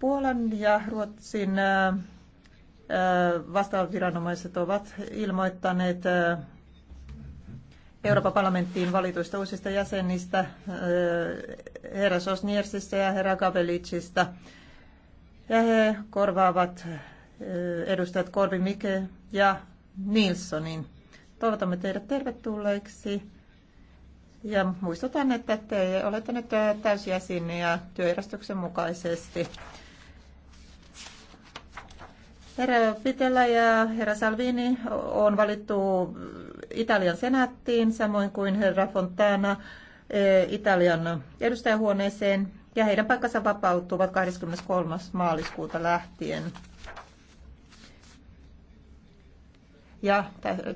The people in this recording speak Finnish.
Puolan ja Ruotsin äh, äh, vastaavat viranomaiset ovat ilmoittaneet äh, Euroopan parlamenttiin valituista uusista jäsenistä, herra Sosniersistä ja herra Gabelicista. Ja he korvaavat edustajat Korvi Mike ja Nilssonin. Toivotamme teidät tervetulleiksi. Ja muistutan, että te olette nyt täysjäseniä työjärjestyksen mukaisesti. Herra Fitella ja herra Salvini on valittu Italian senaattiin, samoin kuin herra Fontana eh, Italian edustajahuoneeseen, ja heidän paikkansa vapautuvat 23. maaliskuuta lähtien. Ja